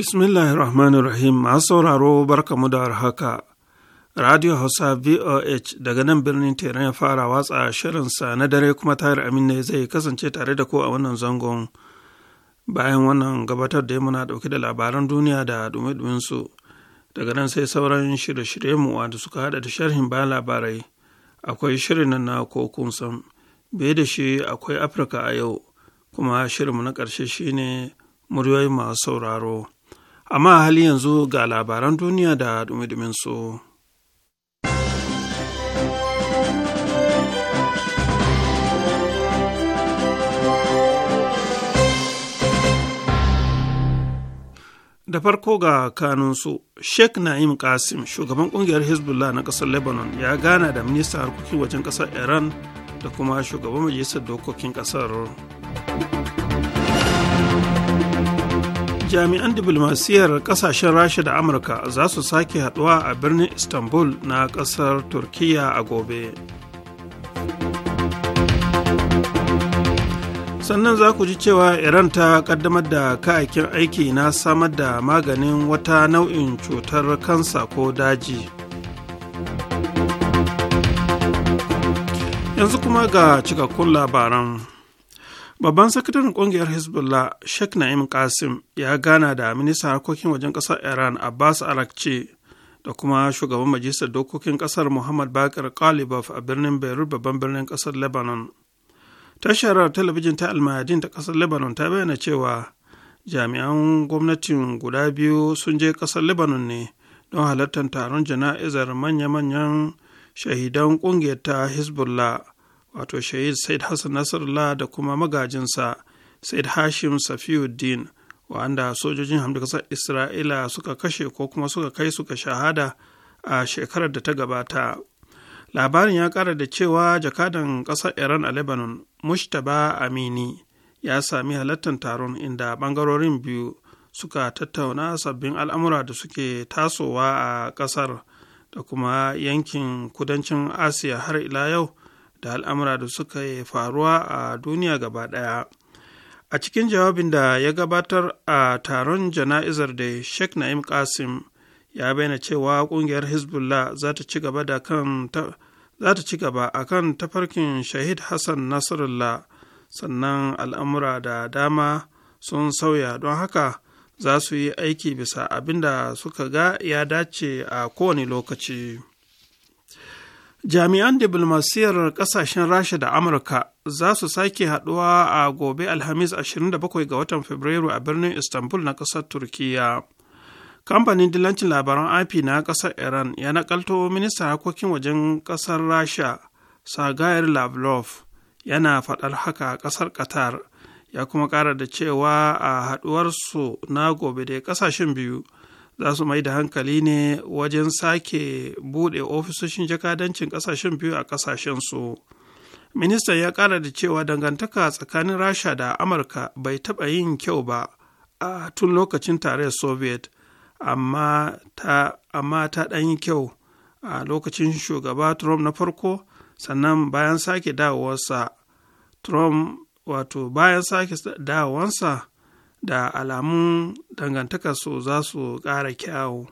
Bismillahi Rahmanir Rahim, masu sauraro barkamu da haka. Radio Hausa VOH daga nan birnin Teran ya fara watsa shirinsa na dare kuma tayar amin ne zai kasance tare da ko a wannan zangon. Bayan wannan gabatar da muna dauke da labaran duniya da dumi su daga nan sai sauran shirye-shirye mu wanda suka hada da sharhin bayan labarai. Akwai shirin nan na kokun sam, bai da shi akwai Afirka a yau, kuma shirin mu na ƙarshe shine muryoyi masu sauraro. amma hali yanzu ga labaran duniya da dumi su. da farko ga kanunsu sheikh na'im kasim shugaban kungiyar hezbollah na kasar lebanon ya gana da ministan harkokin wajen kasar iran da kuma shugaban majalisar dokokin kasar jami'an diplomasiyar kasashen rasha da amurka za su sake haduwa a birnin istanbul na kasar turkiya a gobe sannan za ku ji cewa iran ta kaddamar da kayakin aiki na samar da maganin wata nau'in cutar kansa ko daji yanzu kuma ga cikakkun labaran Babban sakataren kungiyar Hezbollah Sheikh Na'im Qasim ya gana da ministan harkokin wajen ƙasar Iran Abbas Arakci da kuma shugaban majalisar dokokin ƙasar Muhammad bakar kalibov a birnin Beirut babban birnin ƙasar Lebanon. Tashar talabijin ta Almayadin ta ƙasar Lebanon ta bayyana cewa jami'an gwamnatin guda biyu sun je ƙasar Lebanon ne don halartar taron jana'izar manya-manyan shahidan ƙungiyar ta Hezbollah. wato shahid said hassan nasarullah da kuma magajinsa said hashim safiuddin wanda sojojin hamdu isra'ila suka kashe ko kuma suka kai suka shahada a shekarar da ta gabata labarin ya kara da cewa jakadan kasar iran a lebanon mushtaba amini ya sami halartar taron inda bangarorin biyu suka tattauna sabbin al'amura da suke tasowa a kasar da kuma yankin kudancin asiya har ila yau da al'amura da suka yi faruwa a duniya gaba ɗaya a cikin jawabin da ya gabatar a taron jana'izar da sheikh na'im qasim ya bayyana cewa ƙungiyar hezbollah za ta ci gaba a kan tafarkin shahid hassan nasrullah sannan al'amura da dama sun sauya don haka za su yi aiki bisa abin da suka ga ya dace a kowane lokaci. jami'an diplomasiyar kasashen rasha da amurka za su sake haɗuwa a gobe alhamis 27 ga watan fabrairu a birnin istanbul na ƙasar Turkiyya. kamfanin dilancin labaran ip na ƙasar iran ya nakalto ministan harkokin wajen ƙasar rasha sagayar lavrov yana faɗar haka a kasar qatar ya kuma ƙara da cewa a haɗuwarsu na gobe da ƙasashen biyu za su mai da hankali ne wajen sake buɗe ofisoshin jakadancin ƙasashen biyu a ƙasashensu. Ministan ya ƙara da cewa dangantaka tsakanin Rasha da Amurka bai taɓa yin kyau ba a tun lokacin tarayyar Soviet, amma ta ɗan yi kyau a lokacin shugaba Trump na farko, sannan bayan sake dawowarsa. Trump wato bayan sake dawowarsa da alamun dangantakarsu za su ƙara kyawu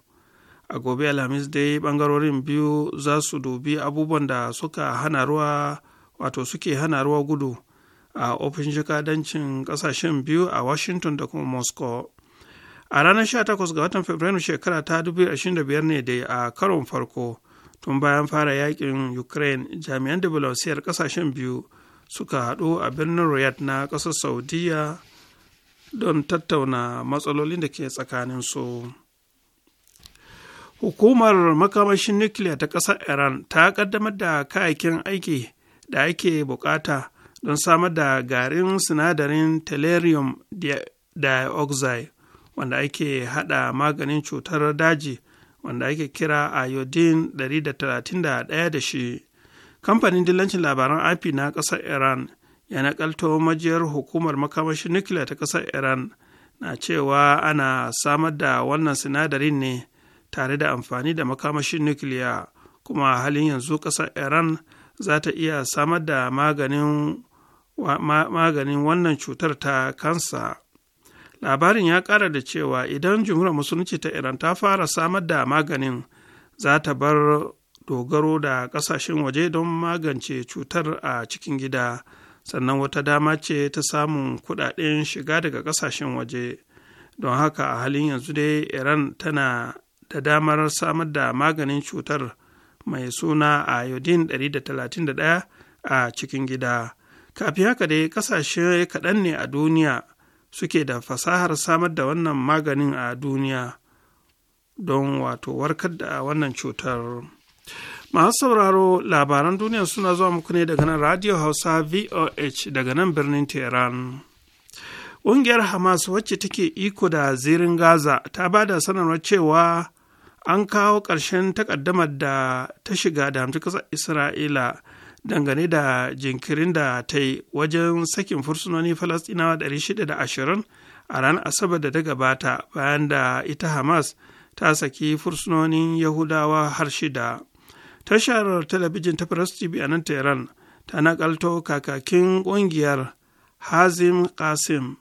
a gobe alhamis dai bangarorin biyu za su dubi abubuwan da suka hana ruwa wato suke hana ruwa gudu a ofishin jikadancin ƙasashen biyu a washington da kuma moscow a ranar 18 ga watan fabrairu shekara ta 2025 ne dai a karon farko tun bayan fara yakin ukraine jami'an diplomasiyar ƙasashen biyu suka haɗu a birnin riyadh na ƙasar saudiyya. don tattauna matsalolin da ke tsakanin su. Hukumar makamashin nukiliya ta ƙasar Iran ta ƙaddamar da kayakin aiki da ake bukata don samar da garin sinadarin tellurium dioxide wanda ake haɗa maganin cutar daji wanda ake kira iodine 131 da shi. Kamfanin dillancin labaran IP na ƙasar Iran ya nakalto majiyar hukumar makamashin nukiliya ta ƙasar iran na cewa ana samar da wannan sinadarin ne tare da amfani da makamashin nukiliya kuma halin yanzu ƙasar iran za ta iya samar da maganin maganin wannan cutar ta kansa labarin ya kara da cewa idan jumhuriyar musulunci ta iran ta fara samar da maganin za ta bar dogaro da kasashen waje don magance cutar a cikin gida sannan wata dama ce ta samun kudaden shiga daga kasashen waje don haka a halin yanzu dai iran tana da damar samar da maganin cutar mai suna a yodin 131 a cikin gida kafin haka dai kasashe kaɗan ne a duniya suke da fasahar samar da wannan maganin a duniya don wato warkar da wannan cutar. masu sauraro labaran duniya suna zuwa muku ne daga nan radio hausa voh daga nan birnin tehran ƙungiyar hamas wacce take iko da zirin gaza ta ba da sanarwar cewa an kawo ƙarshen takaddamar da ta shiga da hamtu ƙasar isra'ila dangane da jinkirin da ta yi wajen sakin fursunoni falastinawa 620 a ranar asabar da ta gabata bayan da ita hamas ta saki fursunonin yahudawa har shida tashar talabijin ta press tv a nan tehran ta nakalto kakakin kungiyar hazim kasim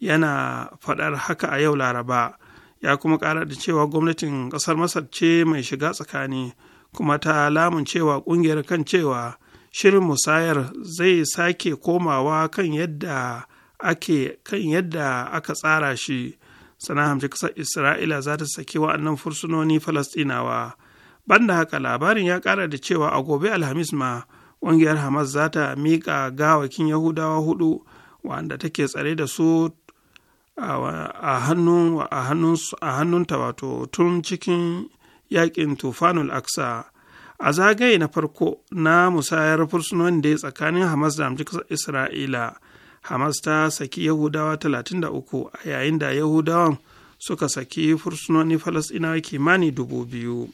yana faɗar haka a yau laraba ya kuma ƙara da cewa gwamnatin ƙasar masar ce mai shiga tsakani kuma ta lamun cewa kungiyar kan cewa shirin musayar zai sake komawa kan yadda ake kan yadda aka tsara shi sana hamci kasar isra'ila za ta saki wa'annan fursunoni falastinawa banda haka labarin ya kara da cewa a gobe alhamis ma ƙungiyar hamas za ta miƙa gawakin yahudawa hudu wanda take tsare da su a hannunta wato tun cikin yakin tufanul aksa a zagaye na farko na musayar fursunan da tsakanin hamas da amjika isra'ila hamas ta saki yahudawa 33 a yayin da yahudawan suka saki fursunoni falasɗinawa kimanin dubu biyu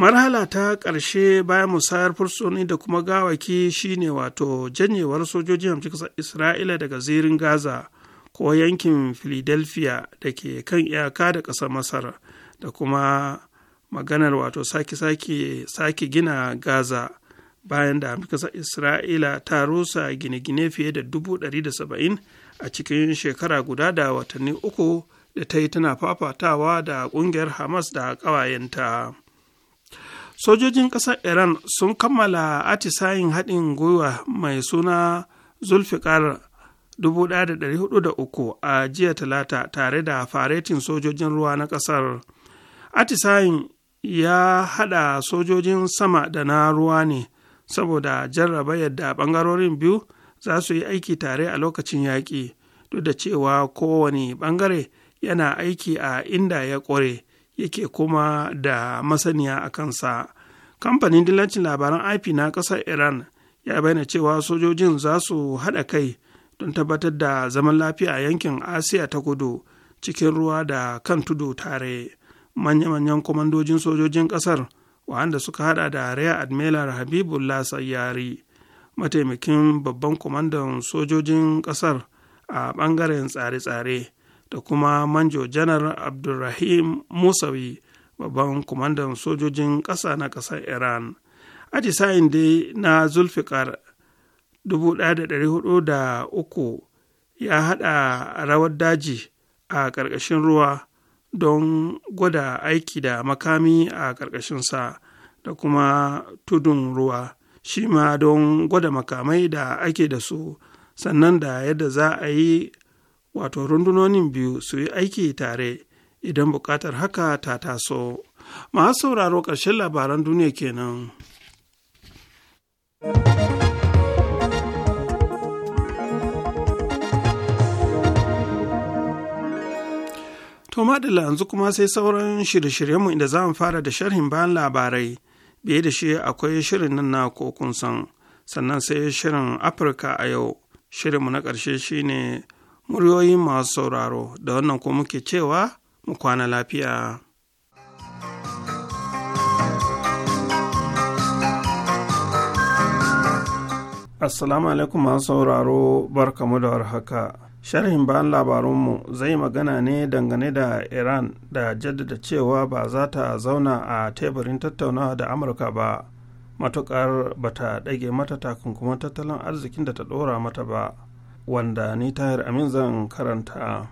marhala ta ƙarshe bayan musayar fursuni da kuma gawaki shine wato janyewar sojojin hamci ƙasar isra'ila daga zirin gaza ko yankin philadelphia da ke kan iyaka da ƙasar masar da kuma maganar wato sake gina gaza bayan da ƙasar isra'ila ta rusa gine-gine fiye da 170 a cikin shekara guda da watanni uku da ta yi tana fafatawa da ƙungiyar hamas da ƙawayenta. sojojin ƙasar iran sun kammala atisayin haɗin gwiwa mai suna zulfikar 1403 a jiya talata tare da faretin sojojin ruwa na ƙasar atisayin ya haɗa sojojin sama da na ruwa ne saboda jarraba yadda ɓangarorin biyu za su yi aiki tare a lokacin yaƙi duk da cewa kowane ɓangare yana aiki a inda ya ƙware yake kuma da masaniya a kansa kamfanin dillancin labaran ip na ƙasar iran ya bayyana cewa sojojin za su haɗa kai don tabbatar da zaman lafiya a yankin asiya ta kudu cikin ruwa da kan tudu tare manya-manyan kwamandojin sojojin ƙasar wanda suka hada da rear admiral habibullah sayyari mataimakin babban kwamandan sojojin ƙasar a ɓangaren tsare-tsare da kuma manjo janar abdulrahim musawi babban kwamandan sojojin ƙasa na ƙasar iran aji sayin dai na zulfikar 1403 ya haɗa rawar daji a ƙarƙashin ruwa don gwada aiki da makami a ƙarƙashinsa da kuma tudun ruwa shi ma don gwada makamai da ake da su sannan da yadda za a yi wato rundunonin biyu su yi aiki tare idan buƙatar haka ta taso masu sauraro ƙarshen labaran duniya kenan. To madalla yanzu kuma sai sauran shirye-shiryenmu inda za mu fara da sharhin bayan labarai, biye da shi akwai shirin nan na kokun san, sannan sai shirin Afirka a yau, shirinmu na ƙarshe shine muryoyi masu sauraro da wannan ko muke cewa mu kwana lafiya. Assalamu alaikum masu sauraro barkamu da warhaka. Sharhin bayan labarunmu zai magana ne dangane da Iran da jaddada cewa ba za ta zauna a teburin tattaunawa da Amurka ba, matuƙar ba ta ɗage mata takunkuman tattalin arzikin da ta ɗora mata ba. wanda ni tahir amin zan karanta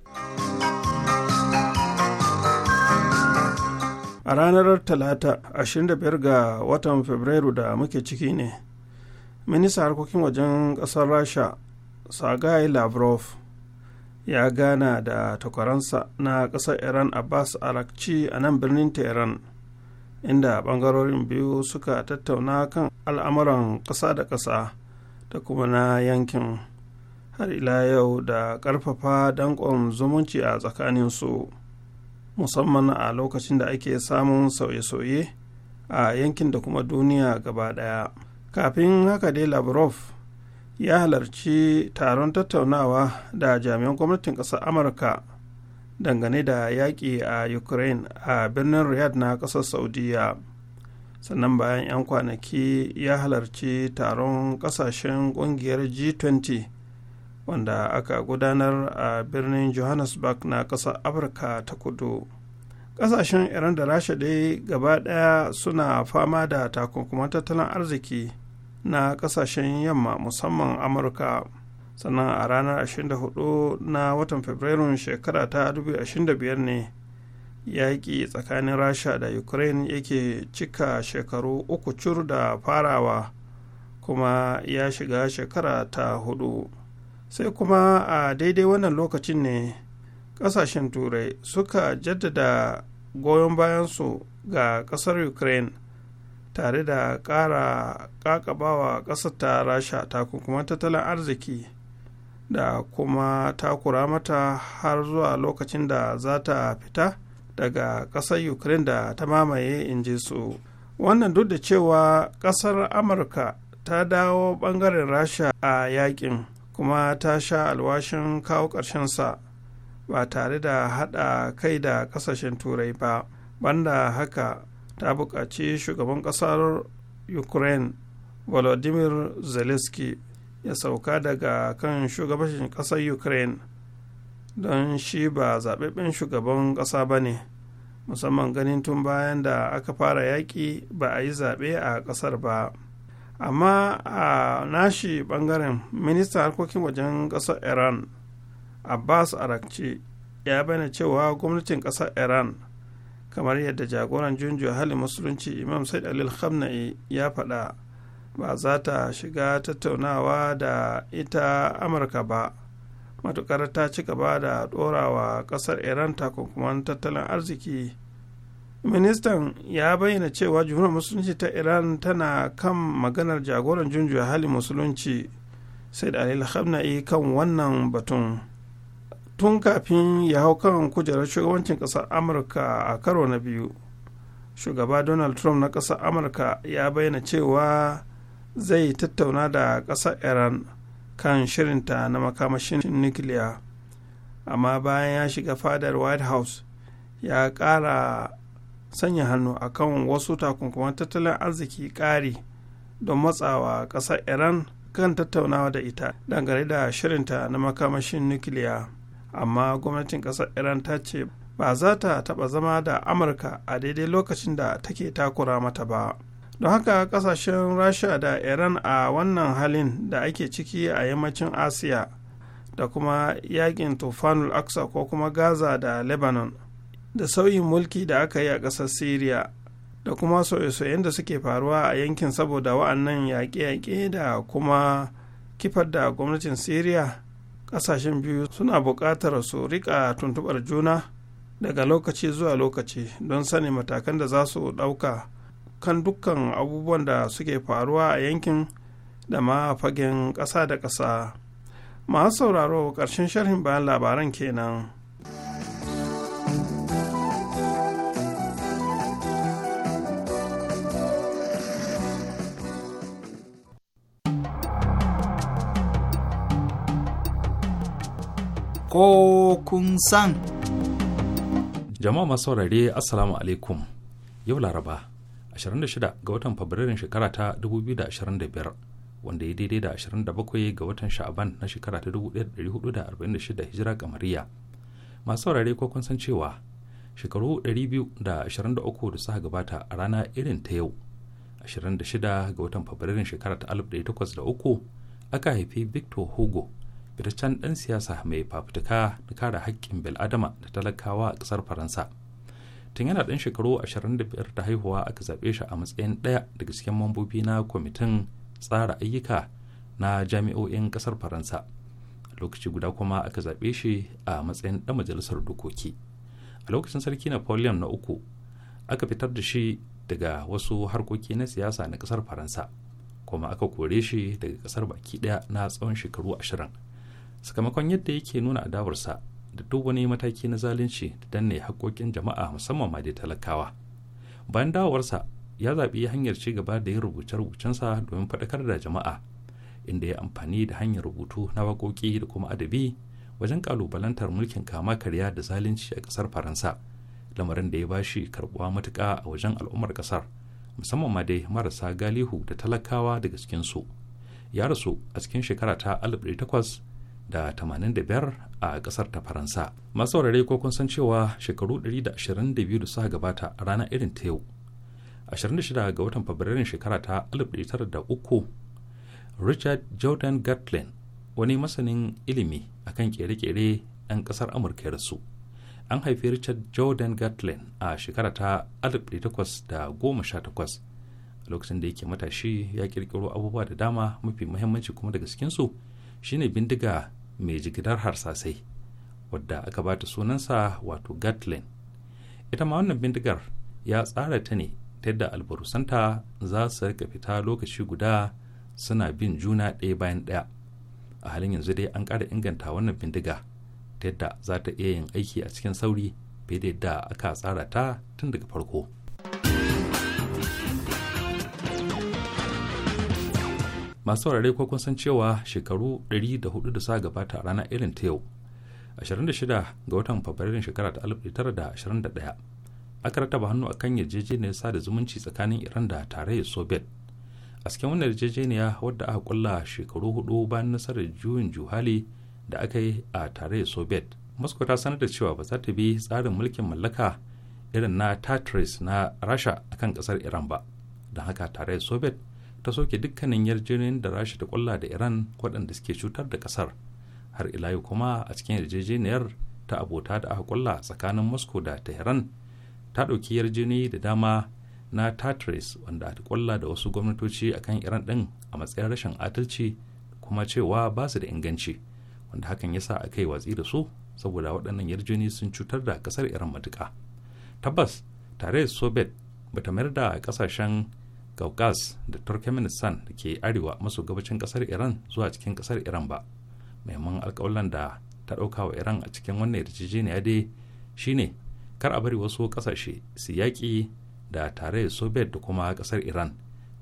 a ranar talata 25 ga watan fabrairu da muke ciki ne minista harkokin wajen ƙasar rasha sagai lavrov ya gana da takwaransa na ƙasar iran abbas arakci a nan birnin tehran inda ɓangarorin biyu suka tattauna kan al'amuran kasa da kasa da kuma na yankin har ila yau da ƙarfafa danƙon zumunci a tsakanin su musamman a lokacin da ake samun sauye-sauye a yankin da kuma duniya gaba ɗaya kafin haka dai lavrov ya halarci taron tattaunawa da jami'an gwamnatin ƙasar amurka dangane da yaƙi a ukraine a birnin riyadh na ƙasar saudiya sannan bayan 'yan kwanaki ya halarci taron ƙasashen ƙungiyar g20 wanda aka gudanar a birnin johannesburg na ƙasar afirka ta kudu ƙasashen iran da rasha dai gaba ɗaya suna fama da takunkuman tattalin arziki na ƙasashen yamma musamman amurka sannan a ranar 24 na watan fabrairun shekara ta 2025 ne yaƙi tsakanin rasha da ukraine yake cika shekaru uku cur da farawa kuma ya shiga shekara ta hudu sai kuma a daidai wannan lokacin ne kasashen turai suka jaddada goyon bayansu ga kasar ukraine tare da kara kakabawa ƙasar ta rasha takunkuman tattalin arziki da kuma takura mata har zuwa lokacin da za ta fita daga ƙasar ukraine da ta mamaye in ji su wannan duk da cewa ƙasar amurka ta dawo ɓangaren rasha a yakin kuma ta sha alwashin kawo sa ba tare da haɗa kai da ƙasashen turai ba banda haka ta buƙaci shugaban ƙasar ukraine volodymyr zelensky ya sauka daga kan shugabancin ƙasar ukraine don shi ba zaɓaɓɓen shugaban ƙasa ba ne musamman ganin tun bayan da aka fara yaƙi ba a yi zaɓe a ƙasar ba. amma a nashi bangaren ministan harkokin wajen ƙasar iran abbas arakci ya bayyana cewa gwamnatin ƙasar iran kamar yadda jagoran junju hali musulunci imam said alil khamna'i ya faɗa ba za ta shiga tattaunawa da ita amurka ba matukar ta ci gaba da ɗorawa ƙasar iran takunkuman tattalin arziki ministan ya bayyana cewa jumhuriyar musulunci ta iran tana kan maganar jagoran junjuya halin musulunci sai da alil kan wannan batun tun kafin ya hau kan kujerar shugabancin kasar amurka a karo na biyu shugaba donald trump na ƙasar amurka ya bayyana cewa zai tattauna da kasar iran kan shirinta na makamashin nukiliya amma bayan ya shiga fadar white house ya kara. sanya hannu a kan wasu takunkuman tattalin arziki ƙari don matsawa ƙasar iran kan tattaunawa da ita dangane da shirinta na makamashin nukiliya amma gwamnatin ƙasar iran ta ce ba za ta taɓa zama da amurka a daidai lokacin da take takura mata ba don haka ƙasashen rasha da iran a wannan halin da ake ciki a yammacin asiya da kuma yakin tufanul aksa ko kuma gaza da lebanon da sauyin mulki da aka yi a ƙasar siriya da kuma sauye-sauyen da suke faruwa a yankin saboda wa'annan yaƙe-yaƙe da kuma kifar da gwamnatin siriya ƙasashen biyu suna buƙatar su riƙa tuntuɓar juna daga lokaci zuwa lokaci don sani matakan da za su ɗauka kan dukkan abubuwan da suke faruwa a yankin da ma fagen ƙasa da ƙasa masu sauraro ƙarshen sharhin bayan labaran kenan. ko kun san. Jama'a masu saurare Assalamu alaikum. Yau Laraba, 26 ga watan Fabrairun shekara ta 2025, wanda ya daidai da 27 ga watan Sha'aban na shekara ta 1446 Hijira Kamariya. Masu saurare ko kun san cewa shekaru 223 da suka gabata a rana irin ta yau, 26 ga watan Fabrairun shekara ta 1803 aka haifi Victor Hugo fitaccen ɗan siyasa mai fafutuka na kare haƙƙin bil'adama da talakawa a ƙasar faransa tun yana ɗan shekaru 25 da haihuwa aka zaɓe shi a matsayin ɗaya daga cikin mambobi na kwamitin tsara ayyuka na jami'o'in ƙasar faransa lokaci guda kuma aka zaɓe shi a matsayin ɗan majalisar dokoki a lokacin sarki napoleon na uku aka fitar da shi daga wasu harkoki na siyasa na ƙasar faransa kuma aka kore shi daga ƙasar baki ɗaya na tsawon shekaru ashirin sakamakon yadda yake nuna adawarsa da duk wani mataki na zalunci da danne haƙoƙin jama'a musamman ma dai talakawa bayan dawowarsa ya zaɓi hanyar ci gaba da yin rubuce-rubucensa domin faɗakar da jama'a inda ya amfani da hanyar rubutu na waƙoƙi da kuma adabi wajen ƙalubalantar mulkin kama karya da zalunci a ƙasar faransa lamarin da ya ba shi karɓuwa matuƙa a wajen al'ummar ƙasar musamman ma dai marasa galihu da talakawa daga cikinsu ya rasu a cikin shekara ta 1800 da 85 a kasar ta faransa masu saurare ko kun san cewa shekaru 122 da suka gabata a rana irin ta yau 26 ga watan fabrairun shekara ta 1903 richard jordan gatlin wani masanin ilimi akan kere-kere ɗan ƙasar amurka ya rasu an haifi richard jordan gatlin a shekara ta 1818 lokacin da yake matashi ya kirkiro abubuwa da dama mafi muhimmanci kuma daga cikinsu shine bindiga mai jigilar harsasai wadda aka bata sunansa wato gatlin ita ma wannan bindigar ya tsara ta ne ta yadda albarusanta za su rika fita lokaci guda suna bin juna ɗaya bayan ɗaya a halin yanzu dai an ƙara inganta wannan bindiga ta yadda za ta iya yin aiki a cikin sauri fiye da aka tsara ta tun daga farko masu saurare ko kun san cewa shekaru 104 da suka gabata a ranar irin ta yau 26 ga watan fabrairun shekara ta 1921 aka rataba hannu a kan yarjejeniyar sada zumunci tsakanin iran da tarayyar soviet a cikin wannan yarjejeniya wadda aka kulla shekaru hudu bayan nasarar juyin juhali da aka yi a tarayyar soviet moscow ta sanar da cewa ba za ta bi tsarin mulkin mallaka irin na tatris na rasha akan kasar iran ba don haka tarayyar soviet ta soke dukkanin yarjejeniyar da rasha ta kulla da iran waɗanda suke cutar da kasar. har ila yau kuma a cikin yarjejeniyar ta abota da aka kulla tsakanin moscow da tehran ta ɗauki yarjejeniyar da dama na tatris wanda ta kulla da wasu gwamnatoci akan iran ɗin a matsayin rashin adalci kuma cewa ba su da inganci wanda hakan yasa sa a kai watsi da su saboda waɗannan yarjejeniyar sun cutar da ƙasar iran matuƙa tabbas tare da soviet bata mayar da ƙasashen kaukas da turkmenistan da ke arewa maso gabacin kasar iran zuwa cikin kasar iran ba maimakon alkawalan da ta ɗauka wa iran a cikin wannan yarjejeniya dai shine kar a bari wasu ƙasashe su yaƙi da tarayyar soviet da kuma ƙasar iran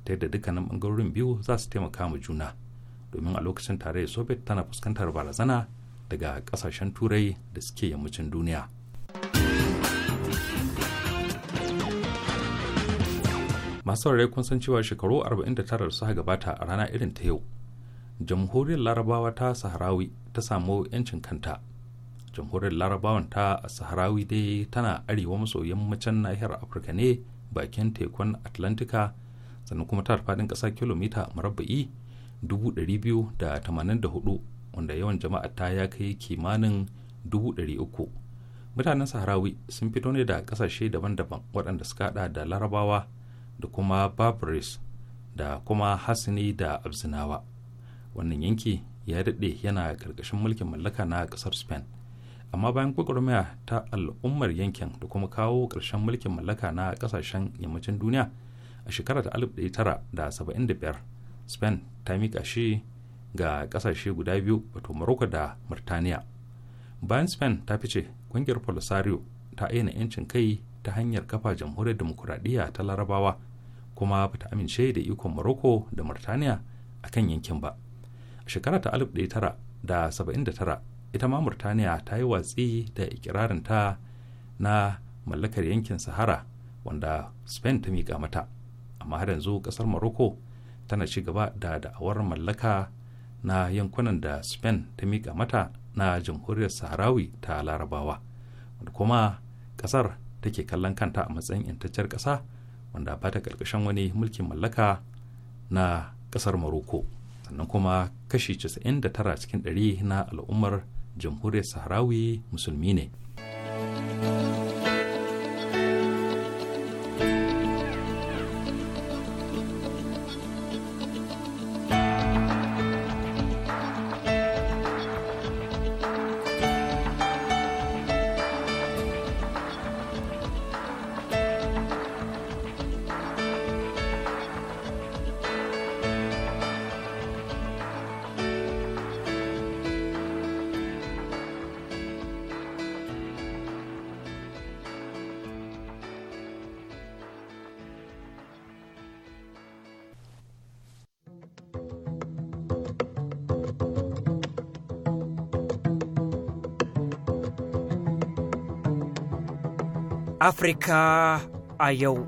ta yadda dukkanin ɓangarorin biyu za su taimaka ma juna domin a lokacin tarayyar soviet tana fuskantar barazana daga ƙasashen turai da suke yammacin duniya masu saurare kun san cewa shekaru 49 suka gabata a rana irin ta yau jamhuriyar larabawa ta saharawi ta samu 'yancin kanta jamhuriyar larabawan ta saharawi dai tana arewa maso yammacin nahiyar afirka ne bakin tekun atlantika sannan kuma ta faɗin ƙasa kilomita marabba'i 284 wanda yawan jama'a ta ya kai kimanin 300 mutanen saharawi sun fito ne da kasashe daban-daban waɗanda suka hada da larabawa da kuma barbaris da kuma hassani da abzinawa wannan yanki ya daɗe yana ƙarƙashin mulkin mallaka na ƙasar spain amma bayan gwagwarmaya ta al'ummar yankin da kuma kawo ƙarshen mulkin mallaka na ƙasashen yammacin duniya a shekarar ta biyar spain ta miƙa shi ga ƙasashe guda biyu wato morocco da murtaniya bayan spain ta fice ƙungiyar polisario ta aina 'yancin kai ta hanyar kafa jamhuriyar demokuraɗiyya ta larabawa kuma ba amince da ikon morocco da murtaniya a kan yankin ba a shekara ta 1979 ita ma murtaniya ta yi watsi da ta na mallakar yankin sahara wanda spain ta miƙa mata amma har yanzu ƙasar morocco tana ci gaba da da'awar mallaka na yankunan da spain ta miƙa mata na jamhuriyar saharawi ta larabawa wanda kuma ƙasar take kallon kanta a matsayin intacciyar ƙasa wanda ba ta ƙarƙashin wani mulkin mallaka na ƙasar maroko Sannan kuma kashi 99 cikin 100 na al'ummar jamhuriyar Sahrawi musulmi ne. Afirka a yau.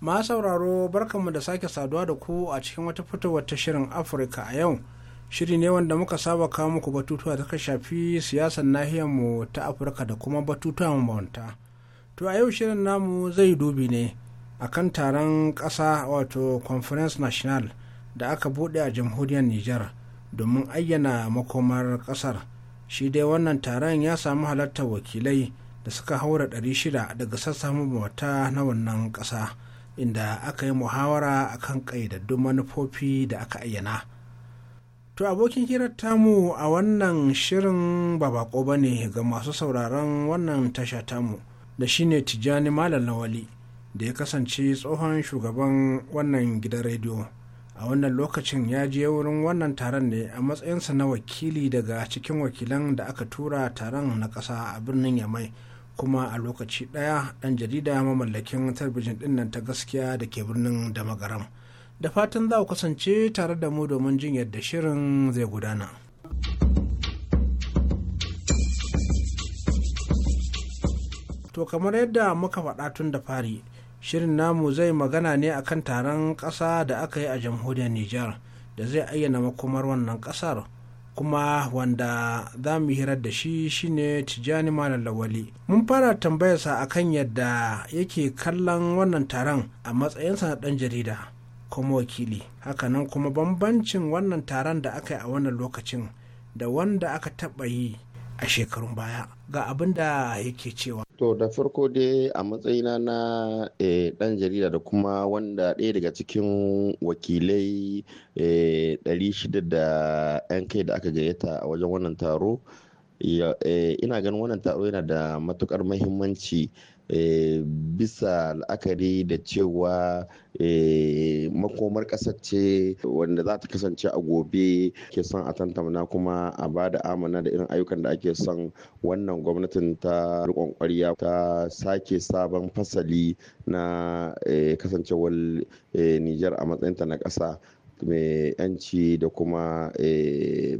Ma sauraro barkanmu da sake saduwa da ku a cikin wata fitowar ta shirin Afirka a yau. Shiri ne wanda muka saba kawo muku batutuwa ta shafi siyasar nahiyarmu ta Afirka da kuma batutuwa mabawanta. To a yau shirin namu zai dubi ne a kan taron ƙasa wato Conference National da aka buɗe a jamhuriyar Nijar domin ayyana makomar ƙasar. shi dai wannan taron ya samu halartar wakilai da suka haura 600 daga sassa mabata na wannan ƙasa inda aka yi muhawara a kan ƙaidaddun manufofi da aka ayyana to abokin hirar tamu a wannan shirin ba bako ba ne ga masu sauraron wannan tasha tamu da shine tijjani malam lawali da ya kasance tsohon shugaban wannan gidan rediyo a wannan lokacin ya je wurin wannan taron ne a matsayinsa na wakili daga cikin wakilan da aka tura taron na ƙasa a birnin yamai kuma a lokaci ɗaya ɗan jarida mamallakin talbijin ɗin ta gaskiya da ke birnin da da fatan za ku kasance tare da mu domin jin yadda shirin zai gudana. to kamar yadda muka faɗa tun da fari shirin namu zai magana ne akan taron ƙasa da aka yi a jamhuriyar Nijar da zai ayyana makomar wannan ƙasar kuma wanda za mu hirar da shi shine Tijjani Malam Lawali. Mun fara tambayarsa akan yadda yake kallon wannan taron a matsayinsa na ɗan jarida kuma wakili. Hakanan kuma bambancin wannan taron da aka yi a wannan lokacin da wanda aka taɓa yi a shekarun baya ga abin da yake cewa to da farko dai a matsayina na dan eh, jarida da kuma wanda ɗaya daga cikin wakilai 600 eh, da 'yan kai da aka gayyata a wajen wannan taro eh, ina ganin wannan taro yana da matukar mahimmanci Eh, bisa la'akari da cewa eh, makomar ƙasar ce wanda za ta kasance a gobe ke son a tantamna kuma a ba da amana da irin ayyukan da ake son wannan gwamnatin ta rikon kwarya ta sake sabon fasali na eh, kasancewar nijar a matsayinta na ƙasa mai 'yanci da kuma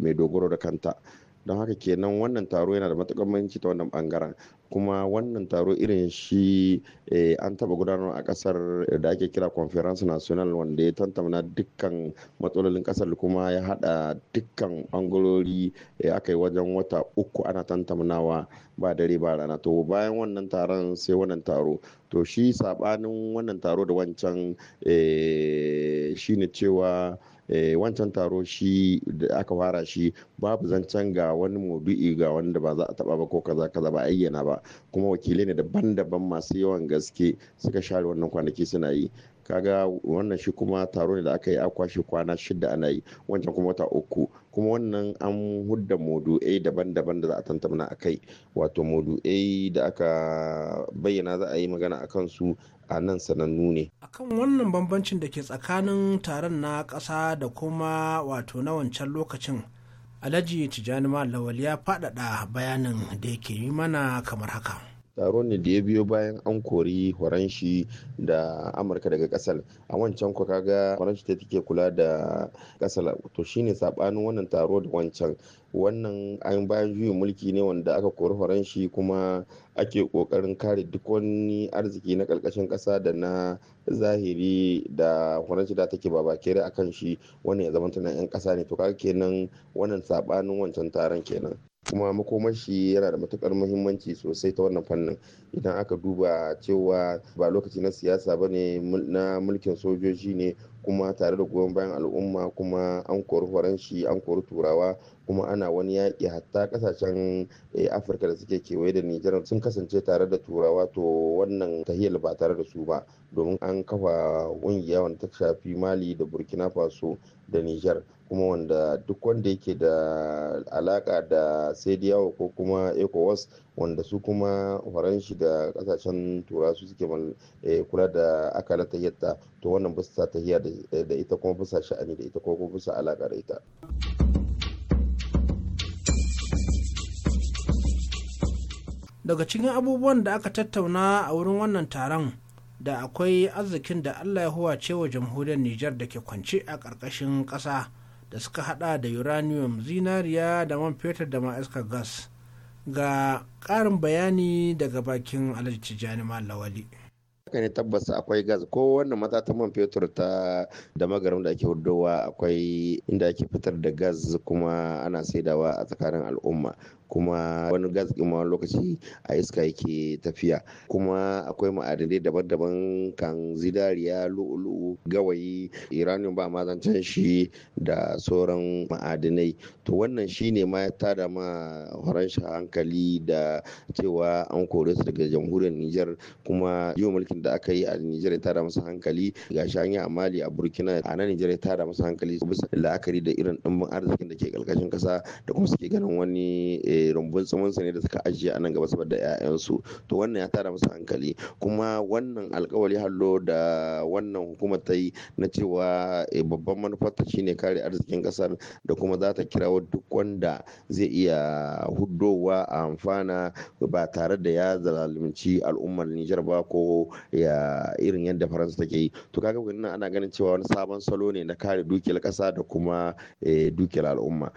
mai dogaro da kanta. don haka kenan wannan taro yana da matukar muhimmanci ta wannan bangaren kuma wannan taro irin shi eh, an taba gudanar a kasar da ake kira conference national wanda ya tantamna dukkan matsalolin kasar kuma ya hada dukkan bangarori eh, aka yi wajen wata uku ana tantamnawa ba dare ba rana to bayan wannan taron sai wannan taro to shi sabanin wannan taro da wancan eh, shine cewa Eh, wancan taro shi da aka fara shi babu zancen ga wani maudu'i ga wanda ba za a taba ba ko kaza kaza ba ayyana ba kuma wakilai ne daban-daban masu yawan gaske suka share wannan kwanaki suna yi kaga wannan shi kuma taro ne da aka yi a kwana shida ana yi wancan kuma wata uku kuma wannan an hudda modu'ai daban-daban da za a tantamna a kai wato modu'ai da aka bayyana za a yi magana a kansu a nan sanannu ne a kan wannan bambancin da ke tsakanin taron na ƙasa da kuma wato na wancan lokacin alhaji tijjani lawal ya faɗaɗa bayanin da yake yi mana kamar haka taro ne da ya biyo bayan an kori horanshi da amurka daga kasar a wancan ku kaga horanshi ta take kula da kasar to shine sabanin wannan taro da wancan wannan an bayan juyin mulki ne wanda aka kori horanshi kuma ake kokarin kare duk wani arziki na karkashin kasa da na zahiri da horanshi da take baba kere akan shi wannan ya zama tunan yan kasa ne to kaga kenan wannan sabanin wancan taron kenan kuma shi yana da matukar muhimmanci sosai ta wannan fannin idan aka duba cewa ba lokaci na siyasa ba ne na mulkin sojoji ne kuma tare da goyon bayan al'umma kuma an kori faranshi an kori turawa kuma ana wani yaƙi hatta kasashen eh, afirka da suke kewaye da nijar sun kasance tare da turawa to wannan tahiyar ba tare da su ba domin an kafa ƙungiya wanda ta shafi mali da burkina faso da nijar kuma wanda duk wanda yake da alaka da sediyawa ko kuma ecowas wanda su kuma faranshi da kasashen tura su suke eh, kula da akalar tahiyarta to wannan bisa tahiyar da ita kuma bisa sha'ani da ita ko bisa alaka da ita daga cikin abubuwan da aka tattauna a wurin wannan taron da akwai arzikin da allah ya huwace wa jamhuriyar nijar da ke kwance a ƙarƙashin ƙasa da suka hada da uranium zinariya da man fetur da ma'aikar gas ga ƙarin bayani daga bakin alhaji tijjani lawali. haka ne tabbas akwai gas ko wannan maza ta man fetur ta da magarin da ake hudowa akwai inda ake fitar da gas kuma ana saidawa a tsakanin al'umma kuma wani gas ma wani lokaci a iska yake tafiya kuma akwai ma'adinai daban-daban kan zidariya lu'ulu'u gawayi iranium ba can shi da sauran ma'adinai to wannan shine ma ya tada ma horon hankali da cewa an kore su daga jamhuriyar niger kuma yiwu mulkin da aka yi a Nijeriya ta masa hankali gashi an yi a Mali a Burkina a nan Nijar ya tada masa hankali bisa la'akari da irin dimbin arzikin da ke karkashin kasa da kuma suke ganin wani eh, rumbun su ne da suka ajiye a nan gaba saboda 'ya'yansu to wannan ya tara masa hankali kuma wannan alkawari hallo da wannan hukumar ta yi na cewa eh, babban manufarta shine kare arzikin kasar da kuma za ta kirawo duk wanda zai iya hudowa a amfana ba tare da ya zalalimci al'ummar Nijar ba ko ya irin yadda faransa take yi to kaga wannan ana ganin cewa wani sabon salo ne na kare dukiyar kasa da kuma eh, dukiyar al'umma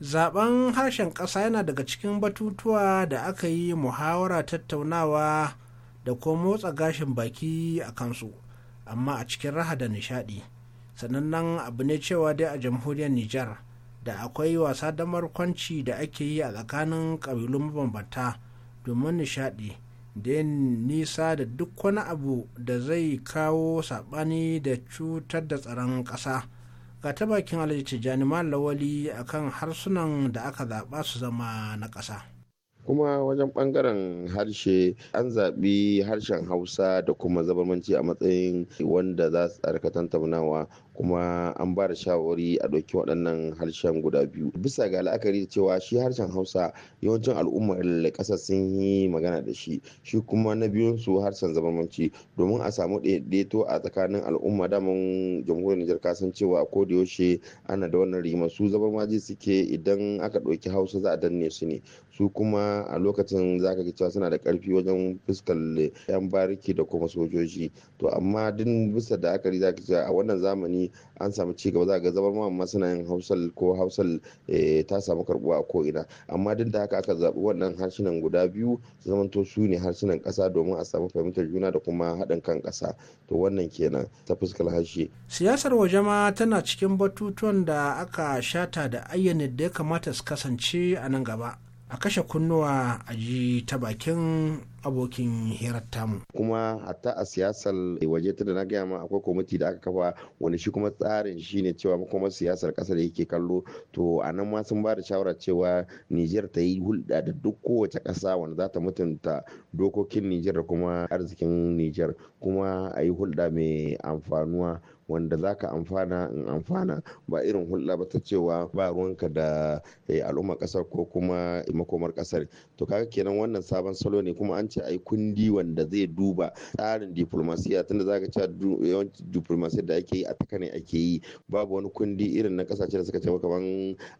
zaben harshen ƙasa yana daga cikin batutuwa da aka yi muhawara tattaunawa da kuma motsa gashin baki a kansu amma a cikin raha da nishadi sanannen abu ne cewa dai a jamhuriyar nijar da akwai wasa damar kwanci da ake yi a tsakanin kabilun mabambanta domin nishadi da yin nisa da duk wani abu da zai kawo saɓani da cutar da tsaron ƙasa ga ta bakin alhaji jani lawali a kan harsunan da aka zaɓa su zama na ƙasa. kuma wajen ɓangaren harshe an zaɓi harshen hausa da kuma zabarmanci a matsayin wanda za su tsarkatan tantaunawa kuma an ba da shawari a ɗauki waɗannan harshen guda biyu bisa ga la'akari da cewa shi harshen hausa yawancin al'ummar ƙasa sun yi magana da shi shi kuma na biyun su harshen zamanci domin a samu daidaito a tsakanin al'umma daman jamhuriyar nijar kasan cewa ko da yaushe ana da wannan rima su zamanmaji suke idan aka ɗauki hausa za a danne su ne su kuma a lokacin zaka ga cewa suna da ƙarfi wajen fuskar yan bariki da kuma sojoji to amma duk bisa da akari zaka cewa a wannan zamani an samu ci gaba za ga zama ma suna yin hausal ko hausal eh, ta samu karbuwa a ko'ina amma duk da haka aka zaɓi wannan harsunan guda biyu su zamanto su ne harsunan ƙasa domin a samu fahimtar juna da kuma haɗin kan ƙasa to wannan kenan ta fuskar harshe. siyasar waje ma tana cikin batutuwan da aka shata da ayyana da ya kamata su kasance a nan gaba. a kashe kunnuwa a ji ta bakin abokin hirar tamu. Kuma hatta a siyasar waje ta da na gaya ma akwai kwamiti da aka kafa wani shi kuma tsarin shi ne cewa makomar siyasar ƙasa da yake kallo to a nan ma sun ba da shawara cewa Nijar ta yi hulɗa da duk kowace ƙasa wanda za ta mutunta dokokin Nijar da kuma arzikin Nijar kuma a yi hulɗa mai amfanuwa wanda za ka amfana in amfana ba irin hulɗa ba ta cewa ba ruwanka da eh, al'ummar ƙasar ko kuma makomar ƙasar to kaga kenan wannan sabon salo ne kuma an ce ai kundi wanda zai duba tsarin diplomasiya tunda za ka cewa yawanci diplomasiya da ake yi a taka ne ake yi babu wani kundi irin na ƙasashe da suka ce kamar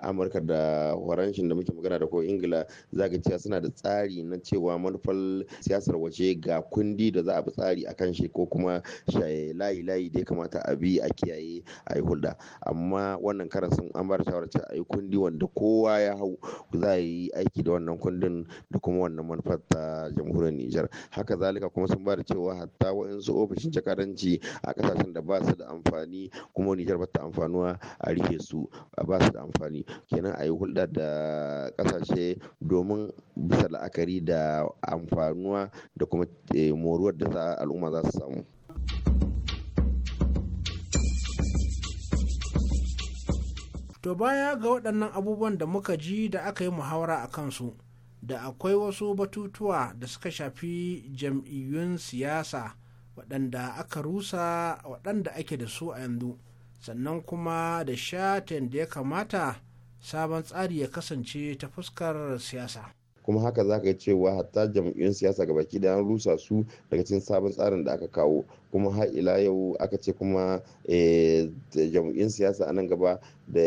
amurka da horanshin da muke magana da ko ingila za ka cewa suna da tsari na cewa manufar siyasar waje ga kundi da za a bi tsari akan shi ko kuma layi layi da ya kamata a bi a kiyaye a yi hulɗa amma wannan karan sun an bar shawarar cewa a yi kundi wanda kowa ya hau za a yi aiki da wannan kundin da kuma wannan manufar ta jamhuriyar Nijar haka zalika kuma sun bada cewa hatta waɗansu ofishin jakadanci a kasashen da ba su da amfani kuma Nijar ba ta amfanuwa a rike su ba su da amfani kenan a yi hulɗa da kasashe domin bisa la'akari da amfanuwa da kuma eh, moruwar da al'umma za su samu. to baya ga waɗannan abubuwan da muka ji da aka yi muhawara a kansu da akwai wasu batutuwa da suka shafi jam'iyyun siyasa waɗanda aka rusa waɗanda ake da su a yanzu sannan kuma da shatin da ya kamata sabon tsari ya kasance ta fuskar siyasa kuma haka za ka cewa hatta jam'iyyun siyasa ga baki da rusa su daga cikin sabon tsarin da aka kawo kuma har ila yau aka ce kuma eh, jam'iyyun siyasa a nan gaba da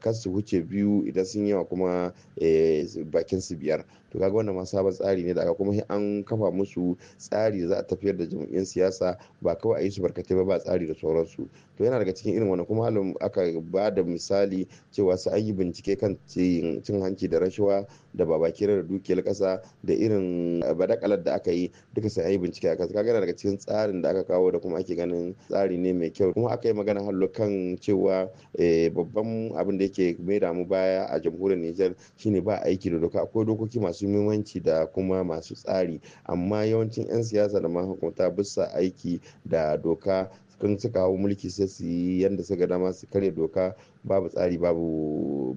kar su huce biyu idan sun yawa kuma eh, bakin su biyar to kaga wannan ma sabon tsari ne da aka kuma an kafa musu tsari da za a tafiyar da jam'iyyun siyasa ba kawai a yi su barkatai ba ba tsari da sauransu to yana daga cikin irin wani kuma halin aka ba da misali cewa su an yi bincike kan cin hanci da rashawa da da dukiyar kasa da irin eh, badakalar da aka yi duka sai yi bincike a kasa kaga daga cikin tsarin da aka kawo da kuma ake ganin tsari ne mai kyau kuma aka yi magana hallo kan cewa eh, babban abin da yake mai damu baya a jamhuriyar Nijar shine ba aiki da doka akwai dokoki masu muhimmanci da kuma masu tsari amma yawancin 'yan siyasa da mahukunta bisa aiki da doka kan suka hau mulki sai su yi yadda suka dama su karya doka babu tsari babu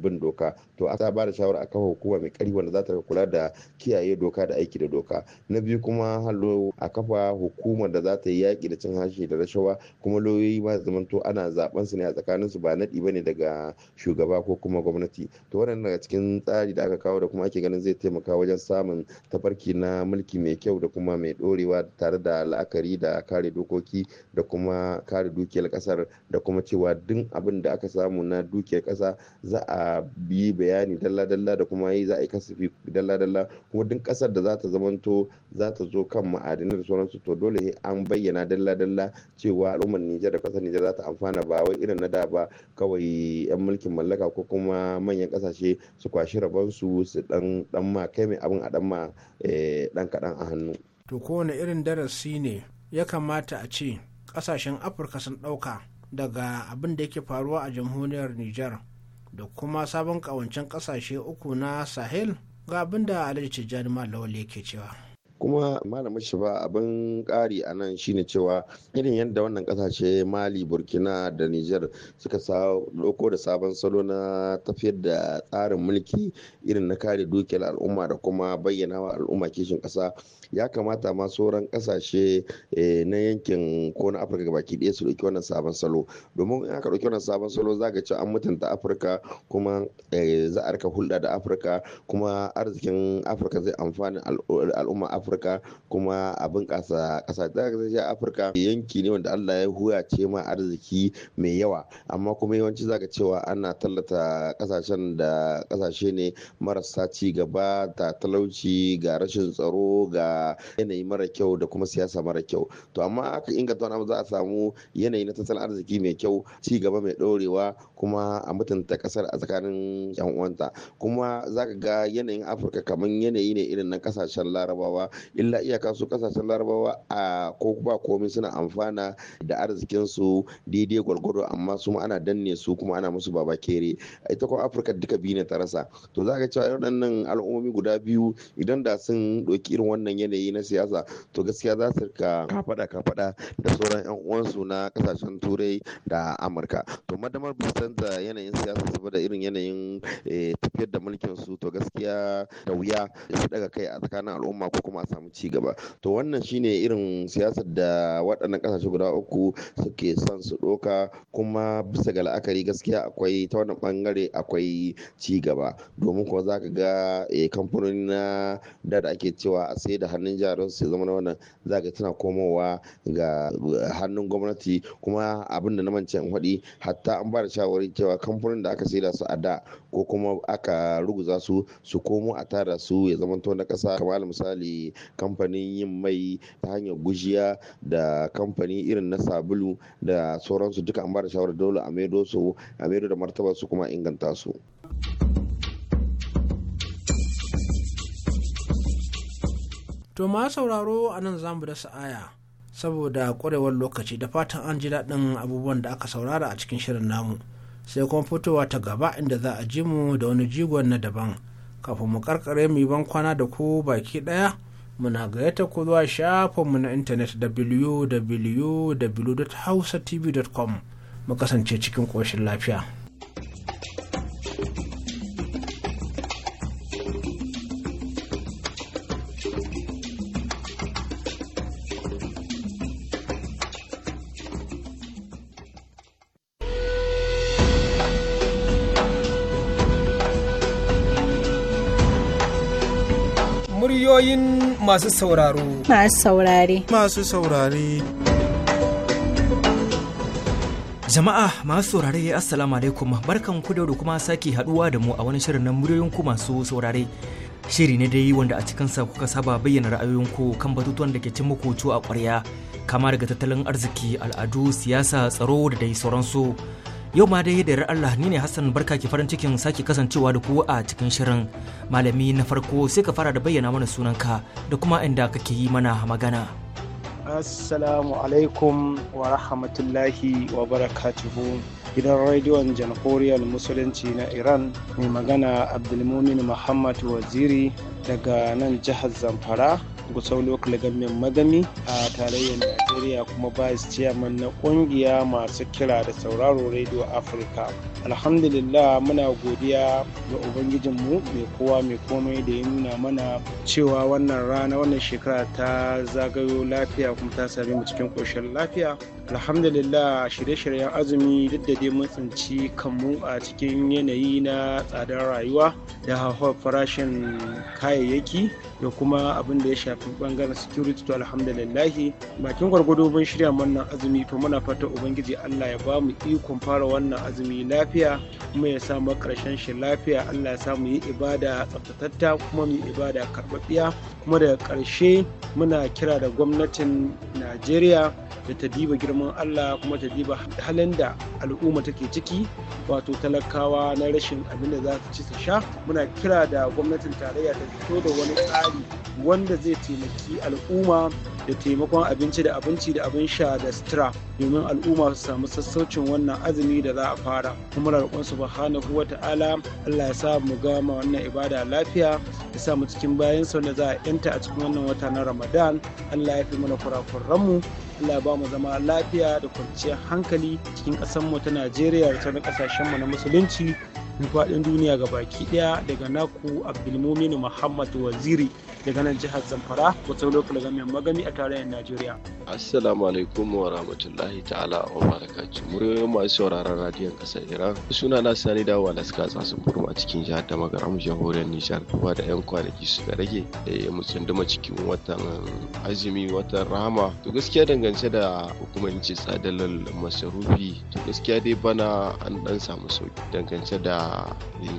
bin doka to a ta bada shawara a hukuma mai ƙari wanda za ta kula da kiyaye doka da aiki da doka na biyu kuma hallo a kafa hukumar da za ta yi yaki da cin hashi da rashawa kuma lauyoyi ma zamanta ana zaben su ne a tsakanin su ba naɗi bane daga shugaba ko kuma gwamnati to wannan daga cikin tsari da aka kawo da kuma ake ganin zai taimaka wajen samun tafarki na mulki mai kyau da kuma mai ɗorewa tare da la'akari da kare dokoki da kuma kare dukiyar kasar da kuma cewa duk abin da aka samu na na dukiyar kasa za a yi bayani dalla-dalla da kuma yi za a yi kasafi dalla-dalla kuma duk kasar da za ta zamanto za ta zo kan ma'adinai da sauransu to dole an bayyana dalla-dalla cewa al'ummar Nijar da ƙasar Nijar za ta amfana ba wai irin na da ba kawai 'yan mulkin mallaka ko kuma manyan kasashe su kwashi rabon su dan ma kai mai abin a dan ma dan eh, kaɗan a hannu. To kowane irin darasi ne ya kamata a ce kasashen Afirka sun ɗauka daga abin da yake faruwa a jamhuriyar nijar da kuma sabon kawancen kasashe uku na sahel ga abin da alhaji tijjani malawali yake cewa kuma malamin shi ba abin ƙari a nan shine cewa irin yadda wannan ƙasashe mali burkina da niger suka loko da sabon salo na tafiyar da tsarin mulki irin na kare dukiyar al'umma da kuma bayyana wa al'umma kishin ƙasa ya kamata ma sauran kasashe eh, na yankin ko na afirka baki ɗaya su ɗauki wannan sabon salo domin in aka ɗauki wannan sabon salo za ka ci an mutunta afirka kuma eh, za a rika hulɗa da afirka kuma arzikin afirka zai amfani al'umma afirka kuma a bunƙasa ƙasa da kasashe afirka yanki ne wanda allah ya huya ce ma arziki mai yawa amma kuma yawanci za ga cewa ana tallata ƙasashen da ƙasashe ne marasa ci gaba da talauci ga rashin tsaro ga yanayi mara kyau da kuma siyasa mara kyau to amma aka inganta wani za a samu yanayi na tattalin arziki mai kyau ci gaba mai ɗorewa kuma a mutunta kasar a tsakanin yan uwanta kuma za ka ga yanayin afirka kamar yanayi ne irin na kasashen larabawa illa iyaka su kasashen larabawa a ko ba komai suna amfana da arzikinsu daidai gwargwado amma su ma ana danne su kuma ana musu baba kere ita kuma afirka duka biyu ne ta rasa to za ka cewa waɗannan al'ummomi guda biyu idan da sun ɗauki irin wannan yanayi na siyasa to gaskiya za su rika kafada kafada da sauran yan uwansu na kasashen turai da amurka to madamar da yanayin siyasa saboda irin yanayin eh, tafiyar da mulkin su to gaskiya da wuya su daga kai a tsakanin al'umma ko kuma a samu ci gaba to wannan shine irin siyasar da waɗannan kasashe guda uku suke son su ɗoka kuma bisa ga la'akari gaskiya akwai ta wannan bangare akwai ci gaba domin kuwa za ka ga eh, kamfanoni na da ake cewa a sai da hannun jarin su zama na wannan za ga tana komowa ga hannun gwamnati kuma abin da na mance in faɗi hatta an ba da shawarar cewa kamfanin da aka saida su a da ko kuma aka ruguza su su komo a tara su ya zama na ƙasa kamar misali kamfanin yin mai ta hanyar gujiya da kamfani irin na sabulu da sauransu duka an ba da shawarar dole a maido su a maido da martaba su kuma inganta su. to ma sauraro a nan za mu da sa'aya saboda ƙwarewar lokaci da fatan an ji daɗin abubuwan da aka saurara a cikin shirin namu sai kuma fitowa ta gaba inda za a ji mu da wani jigon na daban kafin mu karkare mu ban kwana da ku baki ɗaya muna gayyata ko zuwa shafinmu na intanet www.hausatv.com mu kasance cikin ƙoshin lafiya. Ra'ayoyin masu sauraro. Masu saurare. Masu saurare. Jama'a masu saurare Assalamu alaikum barkan ku da kuma sake haduwa da mu a wani shirin na muryoyin ku masu saurare. Shiri ne dai wanda a cikin sa kuka saba bayyana ra'ayoyinku kan batutuwan da ke cin muku a kwarya kama daga tattalin arziki, al'adu, siyasa, tsaro da dai sauransu. Yau ma dai da Allah ni ne Hassan barka ke farin cikin sake kasancewa da ku a cikin shirin. Malami na farko sai ka fara da bayyana mana sunanka da kuma inda kake yi mana magana. Assalamu alaikum wa rahmatullahi wa barakatuhu. Gidan rediyon Jamhuriyar Musulunci na Iran mai magana Abdulmumin Muhammad Waziri daga nan jihar Zamfara gusau local magani magami a tarayyar najeriya kuma vice chairman na kungiya masu kira da sauraro radio africa alhamdulillah muna godiya ga ubangijinmu mai kowa mai komai da ya nuna mana cewa wannan rana wannan shekara ta zagayo lafiya kuma ta same mu cikin koshin lafiya alhamdulillah shirye-shiryen azumi duk da dai mun tsinci kanmu a cikin yanayi na tsadar rayuwa da hauhawar farashin kayayyaki da kuma abin da ya shafi bangaren security to alhamdulillahi bakin gwargwado ban shirya wannan azumi to muna fata ubangiji Allah ya bamu ikon fara wannan azumi lafiya kuma ya samu karshen shi lafiya Allah ya samu yi ibada tsaftatatta kuma mu ibada karbabiya kuma da karshe muna kira da gwamnatin Najeriya da ta diba girman Allah kuma ta diba halin da al'umma take ciki wato talakawa na rashin abin da za su ci su sha muna kira da gwamnatin tarayya ta fito da wani tsari wanda zai taimaki al'umma da taimakon abinci da abinci da abin sha da sutura domin al'umma su samu sassaucin wannan azumi da za a fara kuma su bahana kuwa ta'ala Allah ya sa mu gama wannan ibada lafiya ya sa mu cikin bayan sau da za a yanta a cikin wannan wata na Ramadan Allah ya fi mana kurakuran mu Allah ya ba mu zama lafiya da kwanciyar hankali cikin ƙasar mu ta Najeriya da sauran ƙasashen mu na musulunci faɗin duniya ga baki ɗaya daga naku abdulmumin muhammad waziri daga nan jihar zamfara wata lokacin zamin magani a tarayyar najeriya assalamu alaikum wa rahmatullahi ta'ala wa barakatu muryoyin masu sauraron radiyon kasar iran suna na sani da da suka tsasa burma cikin jihar da magaram jamhuriyar nijar kuma da yan kwanaki suka rage da eh, mu cikin watan azumi watan rahama to gaskiya dangance da hukumanci tsadalar masarufi to gaskiya dai bana an dan samu sauki dangance da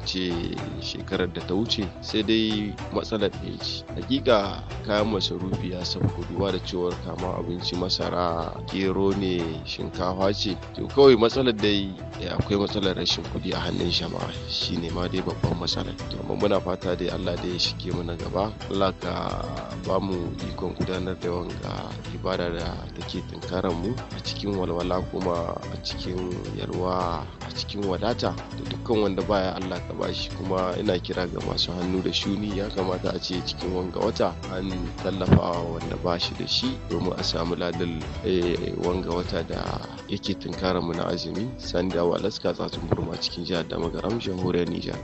ce shekarar da ta wuce sai dai matsalar ɗaya hakika kayan masarufi ya sauko duba da cewar kama abinci masara gero ne shinkafa ce to kawai matsalar dai eh, akwai matsalar rashin kuɗi a hannun shama ne ma dai babban matsalar to amma muna fata dai Allah dai ya shige mana gaba Allah ka ba mu ikon gudanar da wanga ibada da take tunkaran mu a cikin walwala kuma a cikin yarwa a cikin wadata da dukkan wanda baya Allah ka bashi kuma ina kira ga masu hannu da shuni ya kamata a ce cikin ga wata an tallafa wanda ba shi da shi domin a samu ladin eh, wanga wata da yake tunkara mu na azumi sanda walaska tsatsun burma cikin jihar damagaram jamhuriyar nijar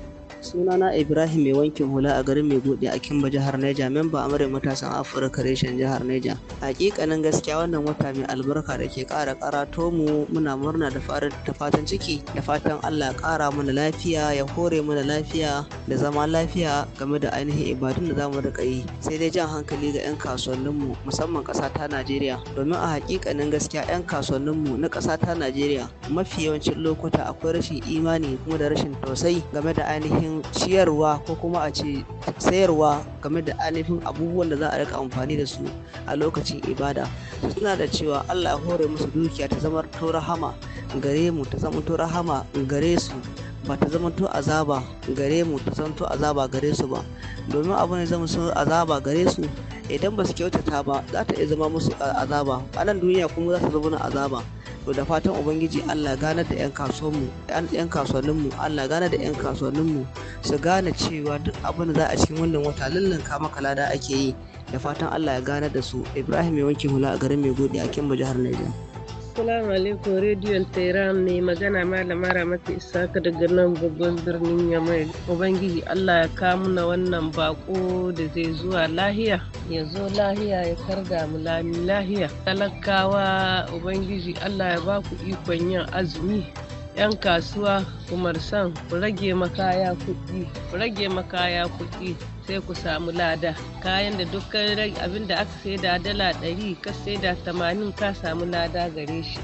sunana ibrahim mai wankin hula a garin mai buɗe a kimba jihar neja memba amurin matasan afirka reshen jihar neja hakikanin gaskiya wannan wata mai albarka da ke kara karato mu muna murna da fatan ciki da fatan allah kara mana lafiya ya hore mana lafiya da zama lafiya game da ainihin ibadun da zamu rika yi sai dai jan hankali ga 'yan kasuwanninmu musamman kasa ta najeriya domin a hakikanin gaskiya 'yan kasuwannin mu na kasa ta najeriya mafi yawancin lokuta akwai rashin imani kuma da rashin tausayi game da ainihin Siyarwa ciyarwa ko kuma a ce sayarwa game da ainihin abubuwan da za a rika amfani da su a lokacin ibada suna da cewa allah ya hore musu dukiya ta zama to rahama gare mu ta zama to gare su ba ta zama to azaba gare mu ta zama to azaba gare su ba domin abu ne zama su azaba gare su idan ba su kyautata ba za ta iya zama musu azaba a nan duniya kuma za ta zama azaba to da fatan ubangiji allah gane da 'yan kasuwanmu 'yan kasuwanninmu allah gane da 'yan kasuwanninmu su gane cewa duk abin da za a cikin wannan wata lallanka maka lada ake yi da fatan allah ya gane da su ibrahim ya wanke hula a garin mai gode a kimba jihar niger Assalamu alaikum Radio Tehran ne magana malama Ramatu Isaka daga nan babban birnin Yamai. Ubangiji Allah ya kamu na wannan bako da zai zuwa lahiya. Ya zo lahiya ya karga mu lami lahiya. Talakawa Ubangiji Allah ya ba ku ikon yin azumi. 'yan kasuwa kumarsan ku rage makaya kuɗi ku rage makaya kuɗi sai ku samu lada kayan da dukkan abin da aka da dala ɗari ka da tamanin ka samu lada gare shi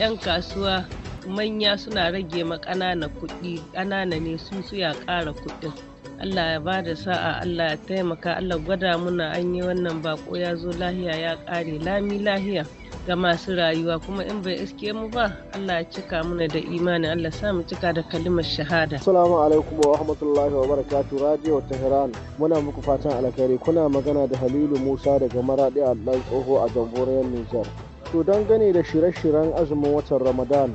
'yan kasuwa manya suna rage ma ƙanana kuɗi ƙanana ne su suya ƙara kuɗin Allah ya ba da sa'a Allah ya taimaka Allah gwada muna an yi wannan bako ya zo lahiya ya ƙare lami lahiya ga masu rayuwa kuma in bai iske mu ba Allah ya cika muna da imani Allah sa mu cika da kalimar shahada assalamu alaikum wa rahmatullahi wa barakatuh radio tehran muna muku fatan alkhairi kuna magana da Halilu Musa daga Maradi a dan tsoho a jamhuriyar Nijar to dangane da shirye-shiryen azumin watan Ramadan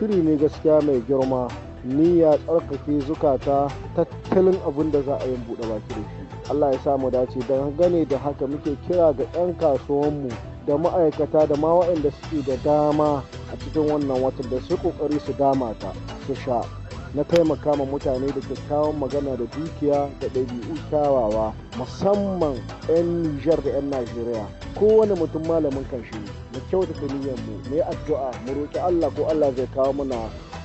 shiri ne gaskiya mai girma niyya tsarkake zukata tattalin abin da za a yi buɗe baki da shi Allah ya samu dace don gane da haka muke kira ga 'yan kasuwanmu da ma'aikata da ma waɗanda suke da dama a cikin wannan watan da su kokari su dama ta su sha na taimaka ma mutane da kyakkyawan magana da dukiya da ɗabi'u kyawawa musamman 'yan nijar da 'yan najeriya kowane mutum malamin kan shi kyauta kyautata niyyarmu mu yi addu'a mu roƙi allah ko allah zai kawo mana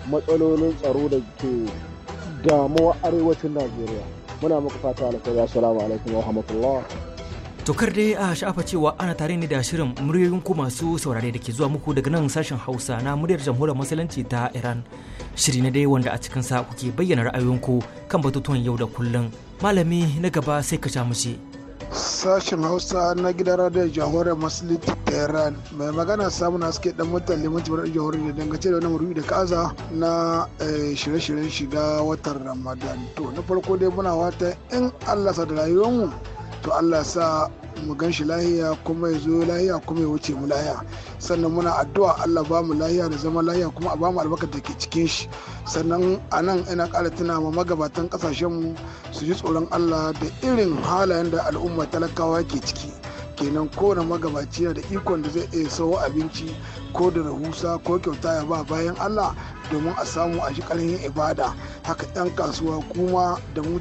matsalolin tsaro da ke damuwa arewacin najeriya muna muku fata alkhairi assalamu alaikum wa rahmatullah kar dai a sha'afa cewa ana tare ne da shirin muryoyin ku masu saurare da ke zuwa muku daga nan sashen Hausa na muryar jamhuriyar musulunci ta Iran. Shiri na dai wanda a cikin sa kuke bayyana ra'ayoyinku kan batutuwan yau da kullum. Malami na gaba sai ka sha mushi. sashen hausa na gidan radiyo jamhuriyar ta iran mai magana samun suke dan mutan liman jamhuriyar jamhuriyar da dangace da wani murmi da kaza na eh, shirye-shiryen shiga watan ramadan to na farko dai muna wata in allah sa da rayuwarmu to allah sa mu gan shi lahiya kuma ya zo lahiya kuma ya wuce mu lahiya sannan muna addu'a allah ba mu lahiya da zama lahiya kuma a ba mu albarkar da ke cikin shi sannan a nan ina ƙara tuna ma magabatan mu su ji tsoron allah da irin halayen da al'umma talakawa ke ciki kenan kowane magabaci na da ikon da zai iya sawo abinci ko da rahusa ko kyauta ya ba bayan allah domin a samu a shi yin ibada haka 'yan kasuwa kuma da mu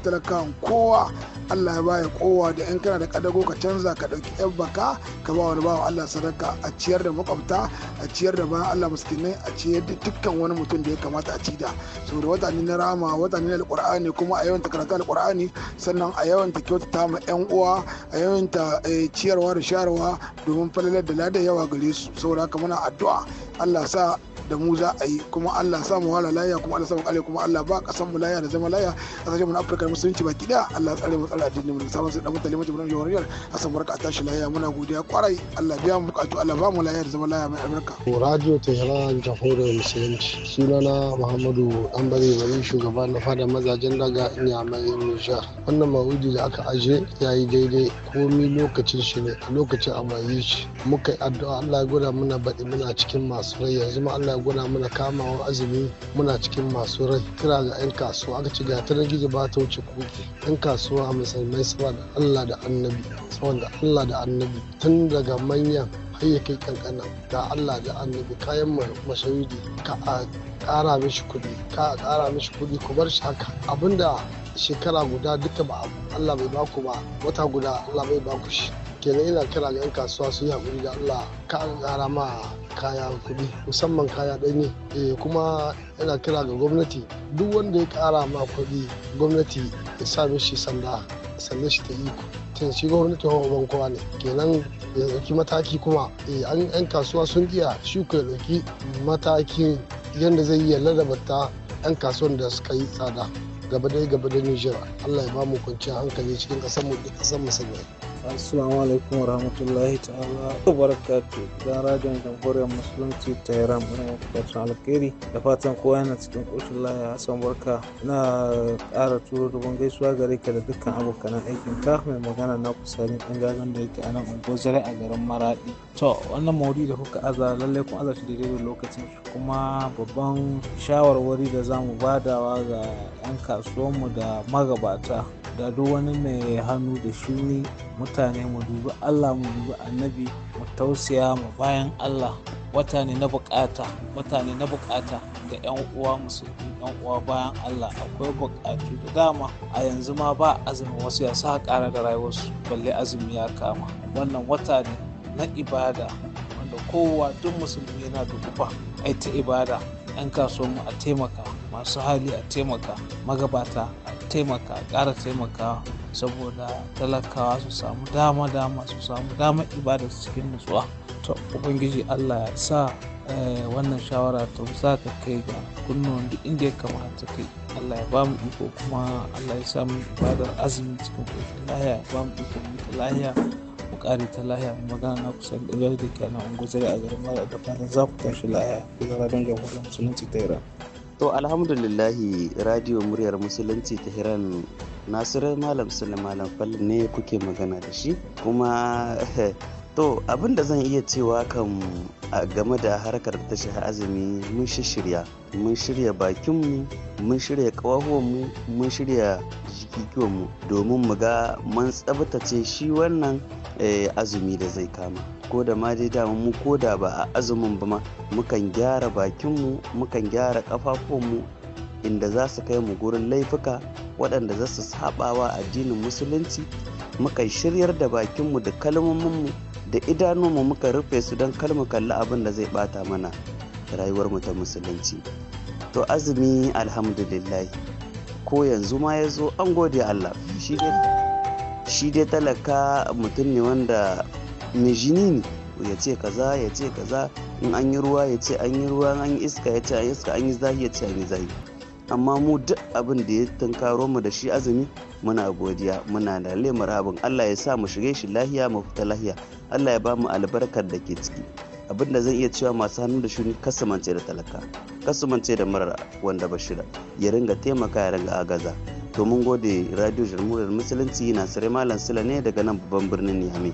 kowa allah ya baya kowa da 'yan kana da kadago ka canza ka ɗauki 'yan baka ka ba wani bawa allah sadaka a ciyar da makwabta a ciyar da bayan allah miskinai a ciyar da dukkan wani mutum da ya kamata a ci da saboda wata ne na rama wata ne na alkur'ani kuma a yawan karanta alkur'ani sannan a yawan ta kyautata ma 'yan uwa a yawan ta eh, ciyarwa da sharwa domin falalar da lada yawa gare su saboda haka muna addu'a allah sa da mu za a yi kuma Allah sa mu wala laya kuma Allah sa mu kare kuma Allah ba kasan mu laya da zama laya sashen mu na Afirka musulunci baki daya Allah tsare mu tsare addinin mu sabon sai da mutane mu jama'a jawariyar asan barka a tashi laya muna godiya kwarai Allah biya mu bukatu Allah ba mu laya da zama laya mai albarka radio Tehran ta hore musulunci sunana Muhammadu dan bari shugaba na fada mazajen daga mai Nijar wannan mawudi da aka aje yayi daidai komi lokacin shi ne lokacin yi shi muka addu'a Allah ya gwada muna baɗi muna cikin masu rai yanzu ma Allah muna kama kamawa azumi muna cikin masu rai kira ga 'yan kasuwa aka ci gata na gizo ba ta wuce kuɗi 'yan kasuwa a musulmai sama da allah da annabi sama allah da annabi tun daga manyan har kai kankana ga allah da annabi kayan mashawidi ka a ƙara mishi kuɗi ka a kara mishi kuɗi ku bar shi haka abinda shekara guda duka ba allah bai baku ba wata guda allah bai baku shi kenan ina kira ga 'yan kasuwa su yi hakuri da allah ka an ƙara ma kaya kuɗi musamman kaya ɗanye eh, kuma ina kira ga gwamnati duk wanda ya kara ma kuɗi gwamnati ya sa shi sanda sanda shi ta iko tun shi gwamnati ban kowa ne kenan ya ɗauki mataki kuma eh, an 'yan kasuwa sun iya shi ku ya ɗauki matakin yadda zai iya ladabata 'yan kasuwan da suka yi tsada gaba dai gaba da Nijar Allah ya ba mu kwanciyar hankali cikin ƙasar mu da ƙasar mu assalamu alaikum warahmatullahi ta'ala wa barakatu da rajin jamhuriyar musulunci ta iran muna fatan alkhairi da fatan kowa yana cikin koshin laya hassan barka na ƙara turo rubun gaisuwa gare ka da dukkan abokanan aikin ka mai magana na kusari ɗan gagan da yake a nan zare a garin maraɗi to wannan mawuri da kuka aza lallai kun aza shi daidai lokacin kuma babban shawarwari da zamu badawa ga 'yan kasuwanmu da magabata da duk wani mai hannu da shi ne mutane mu dubi allah mu dubi annabi mu tausaya mu bayan allah wata ne na bukata wata ne na bukata ga yan uwa musulmi yan uwa bayan allah akwai bukatu da dama a yanzu ma ba azumi wasu ya sa kara da rayuwarsu balle azumi ya kama wannan wata ne na ibada wanda kowa duk musulmi yana da kufa ai ta ibada 'yan mu a taimaka masu hali a taimaka magabata a taimaka ƙara taimaka saboda talakawa su samu dama dama su samu dama ibada cikin nutsuwa to ubangiji allah ya sa eh, wannan shawara ta za ka kai ga kunnuwan duk inda ya kamata kai allah ya ba mu iko kuma allah ya sa ibadar azumi cikin kwaikwayo lahiya ya ba mu iko mu lahiya kare ta lahiya magana na kusan ɗaya da ke nan unguzari a garin mara da fatan za ku tashi lahiya ku zama don jamhuriyar musulunci ta iran. to alhamdulillahi radio muryar musulunci ta iran nasirar malam sulaiman malam fal ne kuke magana da shi kuma to abin da zan iya cewa kan a game da harkar tashar azumi mun shirya mun shirya bakinmu mun shirya mu mun shirya jikikiwanmu domin mu ga mun tsabtace shi wannan eh, azumi da zai kama ko da ma dai dama mu ko da ba a azumin ba ma mukan gyara bakinmu mukan gyara kafafuwanmu inda za su kai mu gurin laifuka waɗanda za su saɓawa addinin musulunci mukan shiryar da bakinmu da kalmominmu da idanunmu muka rufe su don kalmu kalli abin da zai bata mana rayuwarmu ta musulunci to azumi alhamdulillahi ko yanzu ma ya zo an gode allah shi dai talaka mutum ne wanda mijini ne ya ce kaza ya ce kaza in an yi ruwa ya ce an yi ruwa an yi iska ya ce an yi iska an yi zahi ya ce an yi zahi amma mu duk abin da ya tunkaro mu da shi azumi muna godiya muna da lemar abin allah ya sa mu shige shi lahiya mu fita lahiya allah ya ba mu albarkar da ke ciki abin da zan iya cewa masu hannu da shuni kasumance da talaka kasumance da marar wanda ba bashira ya ringa taimaka ya ringa agaza to mun gode radio jamhuriyar musulunci na sare malam sila ne daga nan babban birnin niamey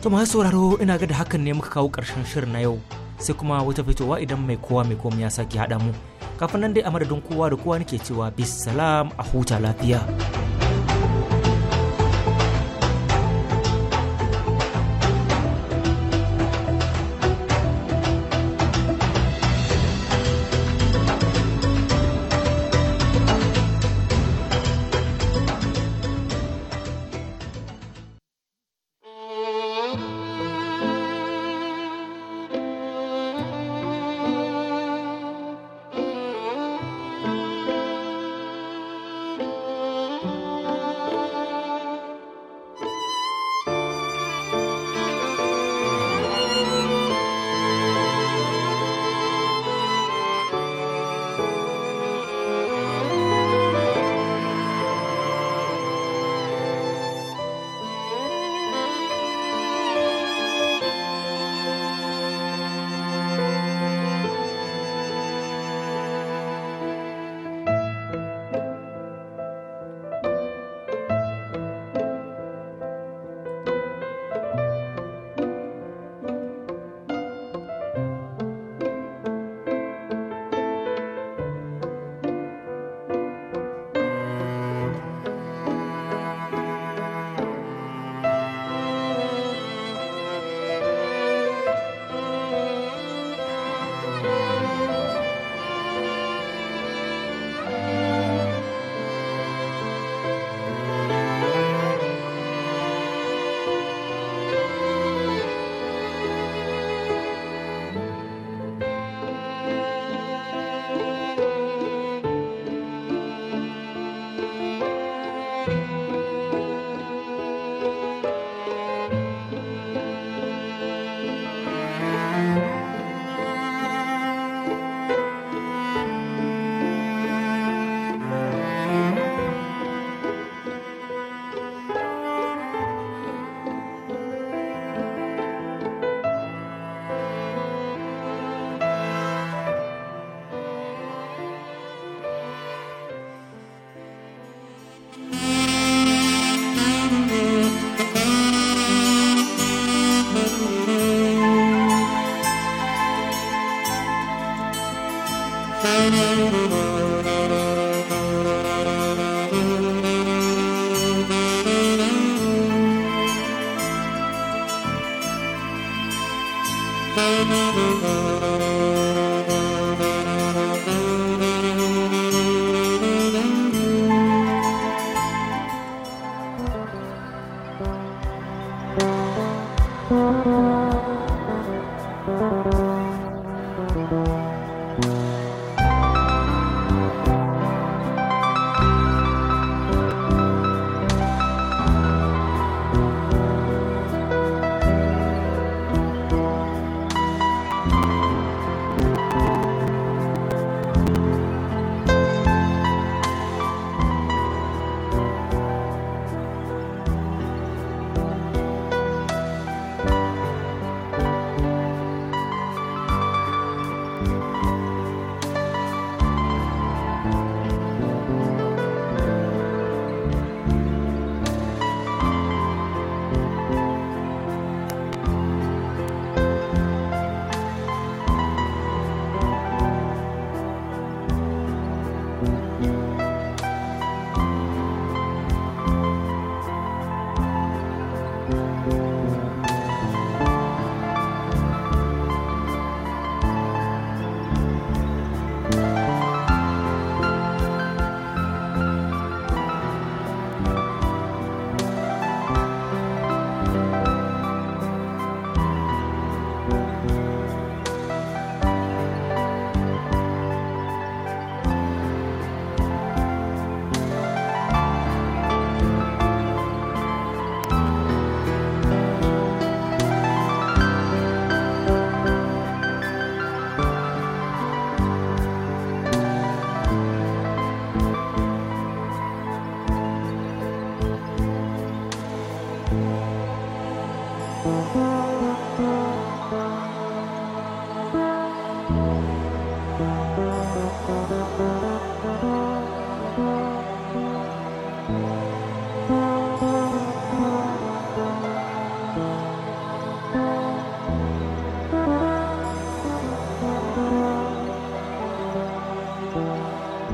to masu sauraro ina ga da hakan ne muka kawo karshen shirin na yau sai kuma wata fitowa idan mai kowa mai komai ya sake haɗa mu kafin nan dai a madadin kowa da kowa nake cewa bis a huta lafiya.